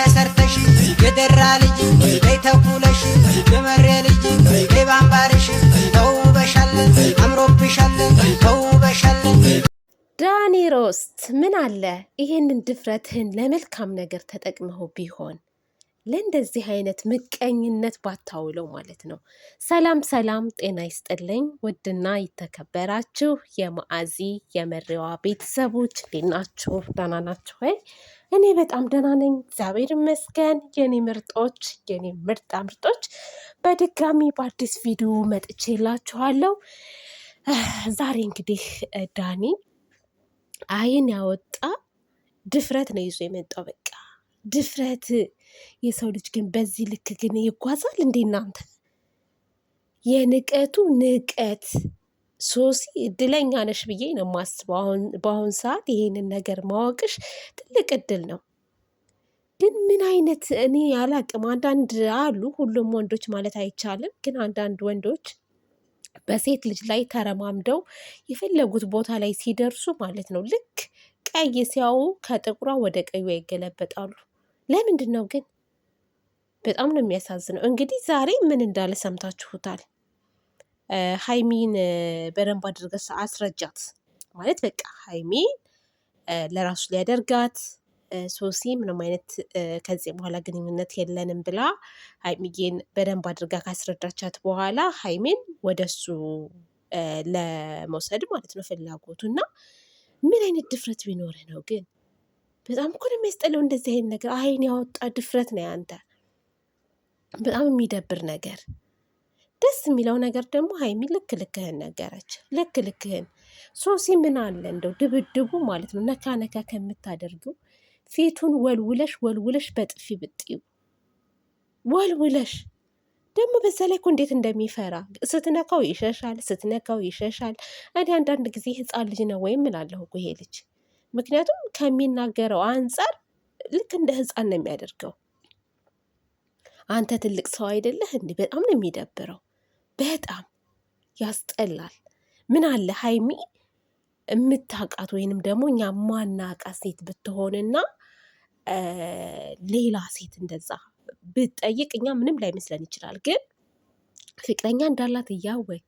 ተሰርተሽ የደራ ልጅ በይ ተኩለሽ የመሬ ልጅ በይ ባምባርሽ ተውበሻለን አምሮብሻለን ዳኒ ሮስት ምን አለ ይህንን ድፍረትህን ለመልካም ነገር ተጠቅመው ቢሆን ለእንደዚህ አይነት ምቀኝነት ባታውለው ማለት ነው። ሰላም ሰላም፣ ጤና ይስጥልኝ ውድና የተከበራችሁ የማአዚ የመሪዋ ቤተሰቦች እንዴት ናችሁ? ደህና ናችሁ ወይ? እኔ በጣም ደህና ነኝ፣ እግዚአብሔር ይመስገን። የኔ ምርጦች፣ የኔ ምርጣ ምርጦች፣ በድጋሚ በአዲስ ቪዲዮ መጥቼላችኋለሁ። ዛሬ እንግዲህ ዳኒ አይን ያወጣ ድፍረት ነው ይዞ የመጣው በቃ ድፍረት። የሰው ልጅ ግን በዚህ ልክ ግን ይጓዛል እንዴ እናንተ? የንቀቱ ንቀት። ሶሲ እድለኛ ነሽ ብዬ ነው የማስበው። በአሁን ሰዓት ይሄንን ነገር ማወቅሽ ትልቅ እድል ነው። ግን ምን አይነት እኔ አላቅም። አንዳንድ አሉ፣ ሁሉም ወንዶች ማለት አይቻልም፣ ግን አንዳንድ ወንዶች በሴት ልጅ ላይ ተረማምደው የፈለጉት ቦታ ላይ ሲደርሱ ማለት ነው ልክ ቀይ ሲያዩ ከጥቁሯ ወደ ቀዩ ይገለበጣሉ። ለምንድን ነው ግን? በጣም ነው የሚያሳዝነው። እንግዲህ ዛሬ ምን እንዳለ ሰምታችሁታል። ሀይሚን በደንብ አድርገሽ አስረጃት ማለት በቃ ሀይሚን ለራሱ ሊያደርጋት ሶሲ ምንም አይነት ከዚህ በኋላ ግንኙነት የለንም ብላ ሀይሚጌን በደንብ አድርጋ ካስረዳቻት በኋላ ሀይሜን ወደሱ ለመውሰድ ማለት ነው ፍላጎቱ እና ምን አይነት ድፍረት ቢኖርህ ነው ግን በጣም እኮ ነው የሚያስጠላው እንደዚህ አይነት ነገር። አይን ያወጣ ድፍረት ነው ያንተ። በጣም የሚደብር ነገር። ደስ የሚለው ነገር ደግሞ ሀይሚ ልክ ልክህን ነገረች። ልክ ልክህን ሶሲ ምን አለ እንደው ድብድቡ ማለት ነው ነካ ነካ ከምታደርገው ፊቱን ወልውለሽ ወልውለሽ በጥፊ ብጥዩ ወልውለሽ ደግሞ በዛ ላይ እኮ እንዴት እንደሚፈራ ስትነካው ይሸሻል፣ ስትነካው ይሸሻል። እኔ አንዳንድ ጊዜ ህፃን ልጅ ነው ወይም እላለሁ ይሄ ልጅ ምክንያቱም ከሚናገረው አንጻር ልክ እንደ ህፃን ነው የሚያደርገው። አንተ ትልቅ ሰው አይደለህ እንዴ? በጣም ነው የሚደብረው። በጣም ያስጠላል። ምን አለ ሀይሚ የምታውቃት ወይንም ደግሞ እኛ ማናውቃት ሴት ብትሆንና ሌላ ሴት እንደዛ ብትጠይቅ እኛ ምንም ላይመስለን ይችላል። ግን ፍቅረኛ እንዳላት እያወቅ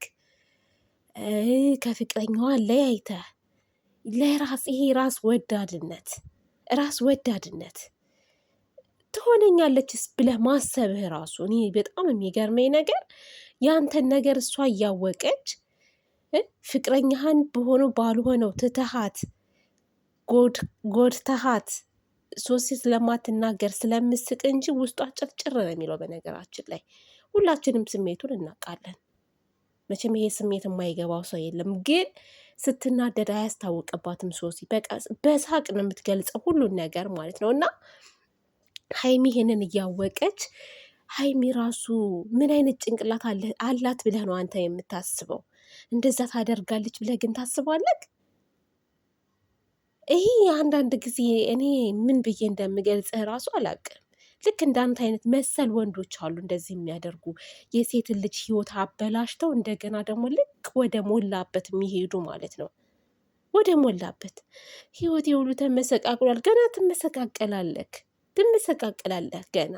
ከፍቅረኛዋ ለያይተህ ለራስ ይሄ ራስ ወዳድነት ራስ ወዳድነት ትሆነኛለችስ ብለህ ማሰብህ ራሱ እኔ በጣም የሚገርመኝ ነገር ያንተን ነገር እሷ እያወቀች ፍቅረኛህን በሆነው ባልሆነው ትተሃት ጎድተሃት ሶስት ስለማትናገር ስለምስቅ እንጂ ውስጧ ጭርጭር ነው የሚለው። በነገራችን ላይ ሁላችንም ስሜቱን እናውቃለን። መቼም ይሄ ስሜት የማይገባው ሰው የለም። ግን ስትናደድ አያስታውቅባትም ሶሲ። በቃ በሳቅ ነው የምትገልጸው ሁሉን ነገር ማለት ነው እና ሀይሚ ይሄንን እያወቀች ሀይሚ ራሱ ምን አይነት ጭንቅላት አላት ብለህ ነው አንተ የምታስበው? እንደዛ ታደርጋለች ብለህ ግን ታስባለህ? ይሄ አንዳንድ ጊዜ እኔ ምን ብዬ እንደምገልጽህ ራሱ አላውቅም። ልክ እንዳንተ አይነት መሰል ወንዶች አሉ እንደዚህ የሚያደርጉ የሴትን ልጅ ህይወት አበላሽተው እንደገና ደግሞ ልክ ወደ ሞላበት የሚሄዱ ማለት ነው። ወደ ሞላበት ህይወት የሁሉ ተመሰቃቅሏል። ገና ትመሰቃቀላለክ ትመሰቃቀላለህ ገና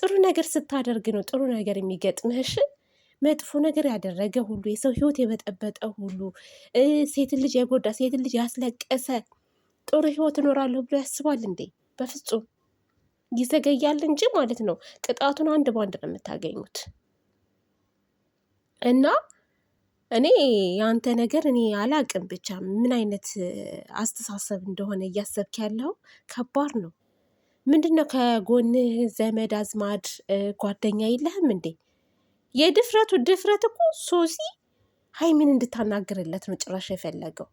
ጥሩ ነገር ስታደርግ ነው ጥሩ ነገር የሚገጥምህሽ። መጥፎ ነገር ያደረገ ሁሉ የሰው ህይወት የበጠበጠ ሁሉ ሴትን ልጅ የጎዳ ሴትን ልጅ ያስለቀሰ ጥሩ ህይወት እኖራለሁ ብሎ ያስባል እንዴ? በፍጹም። ይዘገያል እንጂ ማለት ነው። ቅጣቱን አንድ በአንድ ነው የምታገኙት። እና እኔ የአንተ ነገር እኔ አላቅም፣ ብቻ ምን አይነት አስተሳሰብ እንደሆነ እያሰብክ ያለው ከባድ ነው። ምንድን ነው ከጎንህ ዘመድ አዝማድ ጓደኛ የለህም እንዴ? የድፍረቱ ድፍረት እኮ ሶሲ ሀይሚን እንድታናግርለት ነው ጭራሽ የፈለገው፣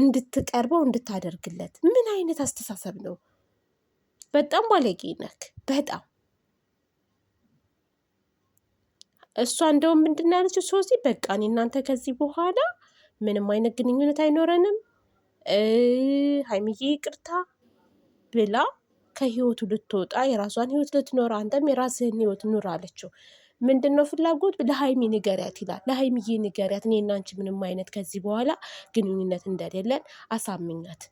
እንድትቀርበው እንድታደርግለት። ምን አይነት አስተሳሰብ ነው? በጣም ባለጌ ነክ በጣም እሷ እንደውም ምንድን ነው ያለችው? ሶሲ በቃ እኔ እናንተ ከዚህ በኋላ ምንም አይነት ግንኙነት አይኖረንም፣ ሀይሚዬ ይቅርታ ብላ ከህይወቱ ልትወጣ የራሷን ህይወት ልትኖር፣ አንተም የራስህን ህይወት ኑር አለችው። ምንድን ነው ፍላጎት? ለሀይሚ ንገሪያት ይላል። ለሀይሚዬ ንገሪያት እኔ እናንቺ ምንም አይነት ከዚህ በኋላ ግንኙነት እንደሌለን አሳምኛት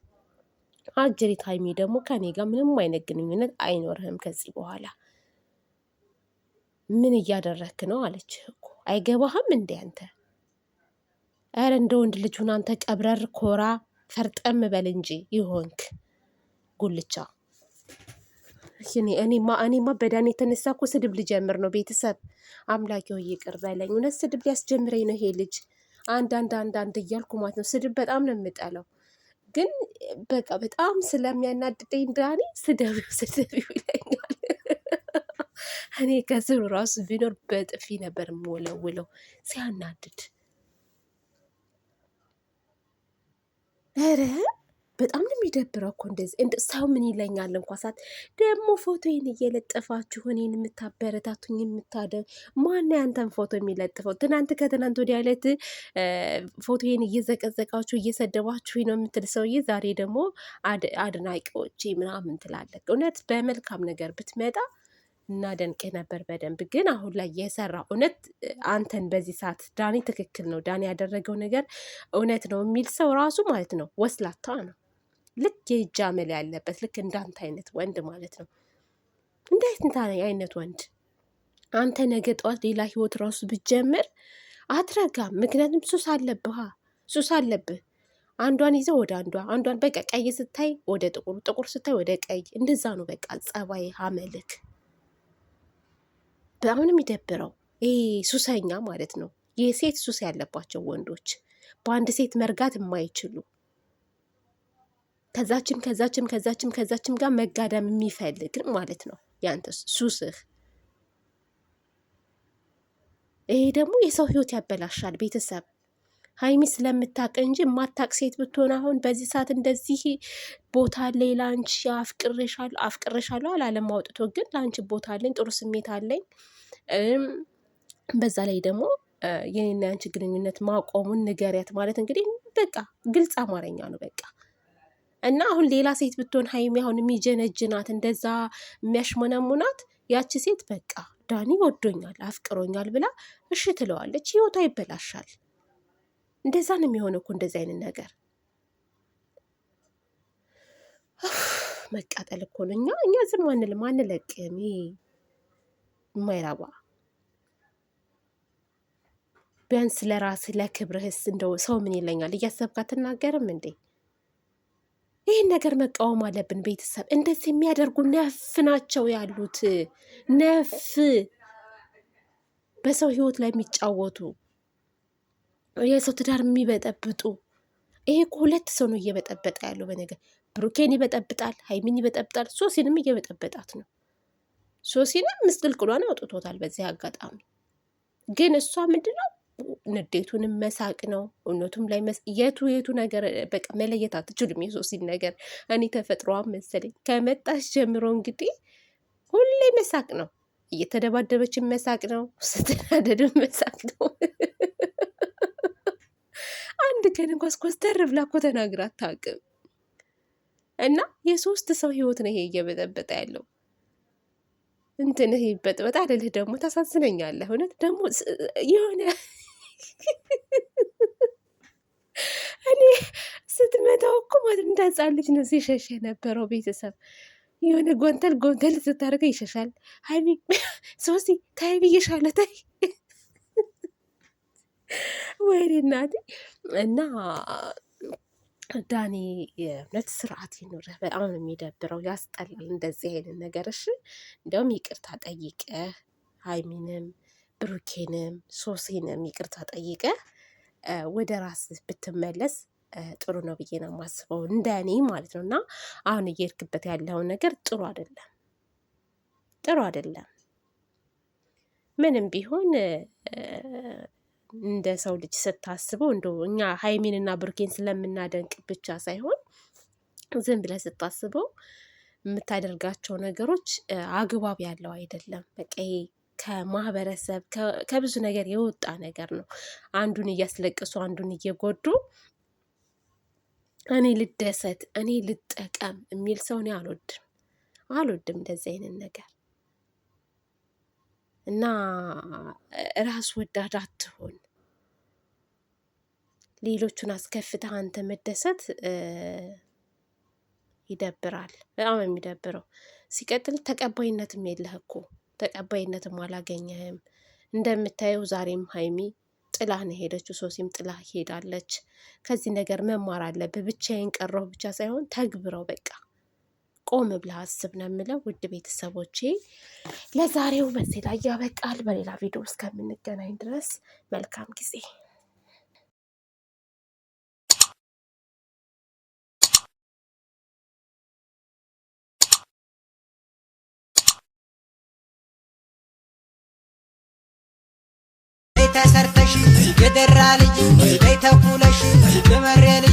አጀሪ ታይሚ ደግሞ ከኔ ጋር ምንም አይነት ግንኙነት አይኖርህም ከዚህ በኋላ ምን እያደረክ ነው አለች እኮ አይገባህም እንዴ አንተ ኧረ እንደ ወንድ ልጁን አንተ ቀብረር ኮራ ፈርጠም በል እንጂ ይሆንክ ጉልቻ እኔማ እኔማ በዳን የተነሳ እኮ ስድብ ልጀምር ነው ቤተሰብ አምላኪ ሆይ ይቅር በለኝ እውነት ስድብ ሊያስጀምረኝ ነው ይሄ ልጅ አንዳንድ አንዳንድ እያልኩ ማለት ነው ስድብ በጣም ነው የምጠለው ግን በቃ በጣም ስለሚያናድደኝ ዳኒ ስደቢው ስደቢው ይለኛል። እኔ ከስሩ ራሱ ቢኖር በጥፊ ነበር የምወለውለው ሲያናድድ ኧረ በጣም ነው የሚደብረው እኮ እንደዚህ እንደ ሰው ምን ይለኛል እንኳ ሳት ደግሞ ፎቶዬን እየለጠፋችሁ እኔን የምታበረታቱኝ የምታደብ ማን ያንተን ፎቶ የሚለጥፈው? ትናንት ከትናንት ወዲያ ዕለት ፎቶዬን እየዘቀዘቃችሁ እየሰደባችሁ ነው የምትል ሰውዬ ዛሬ ደግሞ አድናቂዎች ምናምን ትላለህ። እውነት በመልካም ነገር ብትመጣ እናደንቅህ ነበር በደንብ ግን አሁን ላይ የሰራ እውነት አንተን በዚህ ሰዓት ዳኒ ትክክል ነው ዳኒ ያደረገው ነገር እውነት ነው የሚል ሰው ራሱ ማለት ነው ወስላታ ነው። ልክ የእጅ አመል ያለበት ልክ እንዳንተ አይነት ወንድ ማለት ነው። እንዴት እንታ አይነት ወንድ አንተ ነገ ጠዋት ሌላ ህይወት ራሱ ብትጀምር አትረጋም። ምክንያቱም ሱስ አለብህ፣ ሱስ አለብህ። አንዷን ይዘህ ወደ አንዷ አንዷን በቃ ቀይ ስታይ ወደ ጥቁር፣ ጥቁር ስታይ ወደ ቀይ፣ እንደዛ ነው በቃ ጸባይ አመልክ። በአሁንም ይደብረው ይሄ ሱሰኛ ማለት ነው። የሴት ሱስ ያለባቸው ወንዶች በአንድ ሴት መርጋት የማይችሉ ከዛችም ከዛችም ከዛችም ከዛችም ጋር መጋደም የሚፈልግ ማለት ነው ያንተስ ሱስህ። ይሄ ደግሞ የሰው ህይወት ያበላሻል። ቤተሰብ ሀይሚ ስለምታቅ እንጂ የማታቅ ሴት ብትሆን አሁን በዚህ ሰዓት እንደዚህ ቦታ አለኝ ለአንቺ አፍቅሬሻለሁ አፍቅሬሻለሁ አላለም አውጥቶ፣ ግን ለአንቺ ቦታ አለኝ፣ ጥሩ ስሜት አለኝ። በዛ ላይ ደግሞ የኔና ያንቺ ግንኙነት ማቆሙን ንገሪያት ማለት እንግዲህ በቃ ግልጽ አማርኛ ነው በቃ እና አሁን ሌላ ሴት ብትሆን ሀይሚ አሁን የሚጀነጅናት እንደዛ የሚያሽሞነሙናት ያቺ ሴት በቃ ዳኒ ወዶኛል አፍቅሮኛል ብላ እሺ ትለዋለች። ህይወቷ ይበላሻል። እንደዛ ነው የሚሆነው እኮ እንደዚ አይነት ነገር መቃጠል እኮ ነው። እኛ እኛ ዝም አንልም አንለቅም። ይሄ የማይረባ ቢያንስ ለራስህ ለክብርህስ እንደው ሰው ምን ይለኛል እያሰብክ አትናገርም እንዴ? ይህን ነገር መቃወም አለብን። ቤተሰብ እንደዚህ የሚያደርጉ ነፍ ናቸው ያሉት ነፍ በሰው ህይወት ላይ የሚጫወቱ የሰው ትዳር የሚበጠብጡ ይሄ እኮ ሁለት ሰው ነው እየበጠበጠ ያለው። በነገር ብሩኬን ይበጠብጣል፣ ሀይሚን ይበጠብጣል፣ ሶሲንም እየበጠበጣት ነው። ሶሲንም ምስቅልቅሏን አውጥቶታል። በዚህ አጋጣሚ ግን እሷ ምንድነው ንዴቱንም መሳቅ ነው። እውነቱም ላይ የቱ የቱ ነገር በቃ መለየት አትችልም። የሶሲን ነገር እኔ ተፈጥሮዋ መሰለኝ ከመጣች ጀምሮ እንግዲህ ሁሌ መሳቅ ነው። እየተደባደበችን መሳቅ ነው። ስትናደድም መሳቅ ነው። አንድ ቀን እንኳስ ኮስተር ብላ እኮ ተናግራ አታውቅም። እና የሶስት ሰው ህይወት ነው ይሄ እየበጠበጠ ያለው። እንትን ይሄ በጥበጣ ደግሞ ታሳዝነኛለህ። እውነት ደግሞ የሆነ እኔ ስትመታው እኮ ማለት እንደ ልጅ ነው ሲሸሽ የነበረው ቤተሰብ የሆነ ጎንተል ጎንተል ስታደርገ ይሸሻል። ሀይሚ ሶሲ ታይ ብዬሻለሁ ታይ ወይኔ እናቴ እና ዳኒ የእምነት ስርዓት ይኑረ። በጣም ነው የሚደብረው፣ ያስጠላል እንደዚህ አይነት ነገር። እሺ እንዲያውም ይቅርታ ጠይቀህ ሀይሚንም ብሩኬንም ሶሲንም ይቅርታ ጠይቀ ወደ ራስ ብትመለስ ጥሩ ነው ብዬ ነው የማስበው፣ እንደኔ ማለት ነው። እና አሁን እየሄድክበት ያለውን ነገር ጥሩ አይደለም፣ ጥሩ አይደለም። ምንም ቢሆን እንደ ሰው ልጅ ስታስበው እንደ እኛ ሀይሚንና ብሩኬን ስለምናደንቅ ብቻ ሳይሆን ዝም ብለህ ስታስበው የምታደርጋቸው ነገሮች አግባብ ያለው አይደለም። በቃ ከማህበረሰብ ከብዙ ነገር የወጣ ነገር ነው። አንዱን እያስለቀሱ አንዱን እየጎዱ እኔ ልደሰት እኔ ልጠቀም የሚል ሰው እኔ አልወድም አልወድም እንደዚህ አይነት ነገር እና ራስ ወዳድ አትሆን። ሌሎቹን አስከፍተህ አንተ መደሰት ይደብራል። በጣም የሚደብረው ሲቀጥል ተቀባይነትም የለህ እኮ ተቀባይነትም አላገኘህም። እንደምታየው ዛሬም ሀይሚ ጥላህ ነው ሄደችው፣ ሶሲም ጥላህ ሄዳለች። ከዚህ ነገር መማር አለብህ። ብቻዬን ቀረሁ ብቻ ሳይሆን ተግብረው በቃ ቆም ብለህ አስብ ነው የምለው። ውድ ቤተሰቦቼ ለዛሬው መሴላ ላይ ያበቃል። በሌላ ቪዲዮ እስከምንገናኝ ድረስ መልካም ጊዜ ተሰርተሽ የደራ ልጅ በይተኩለሽ የመሬ ልጅ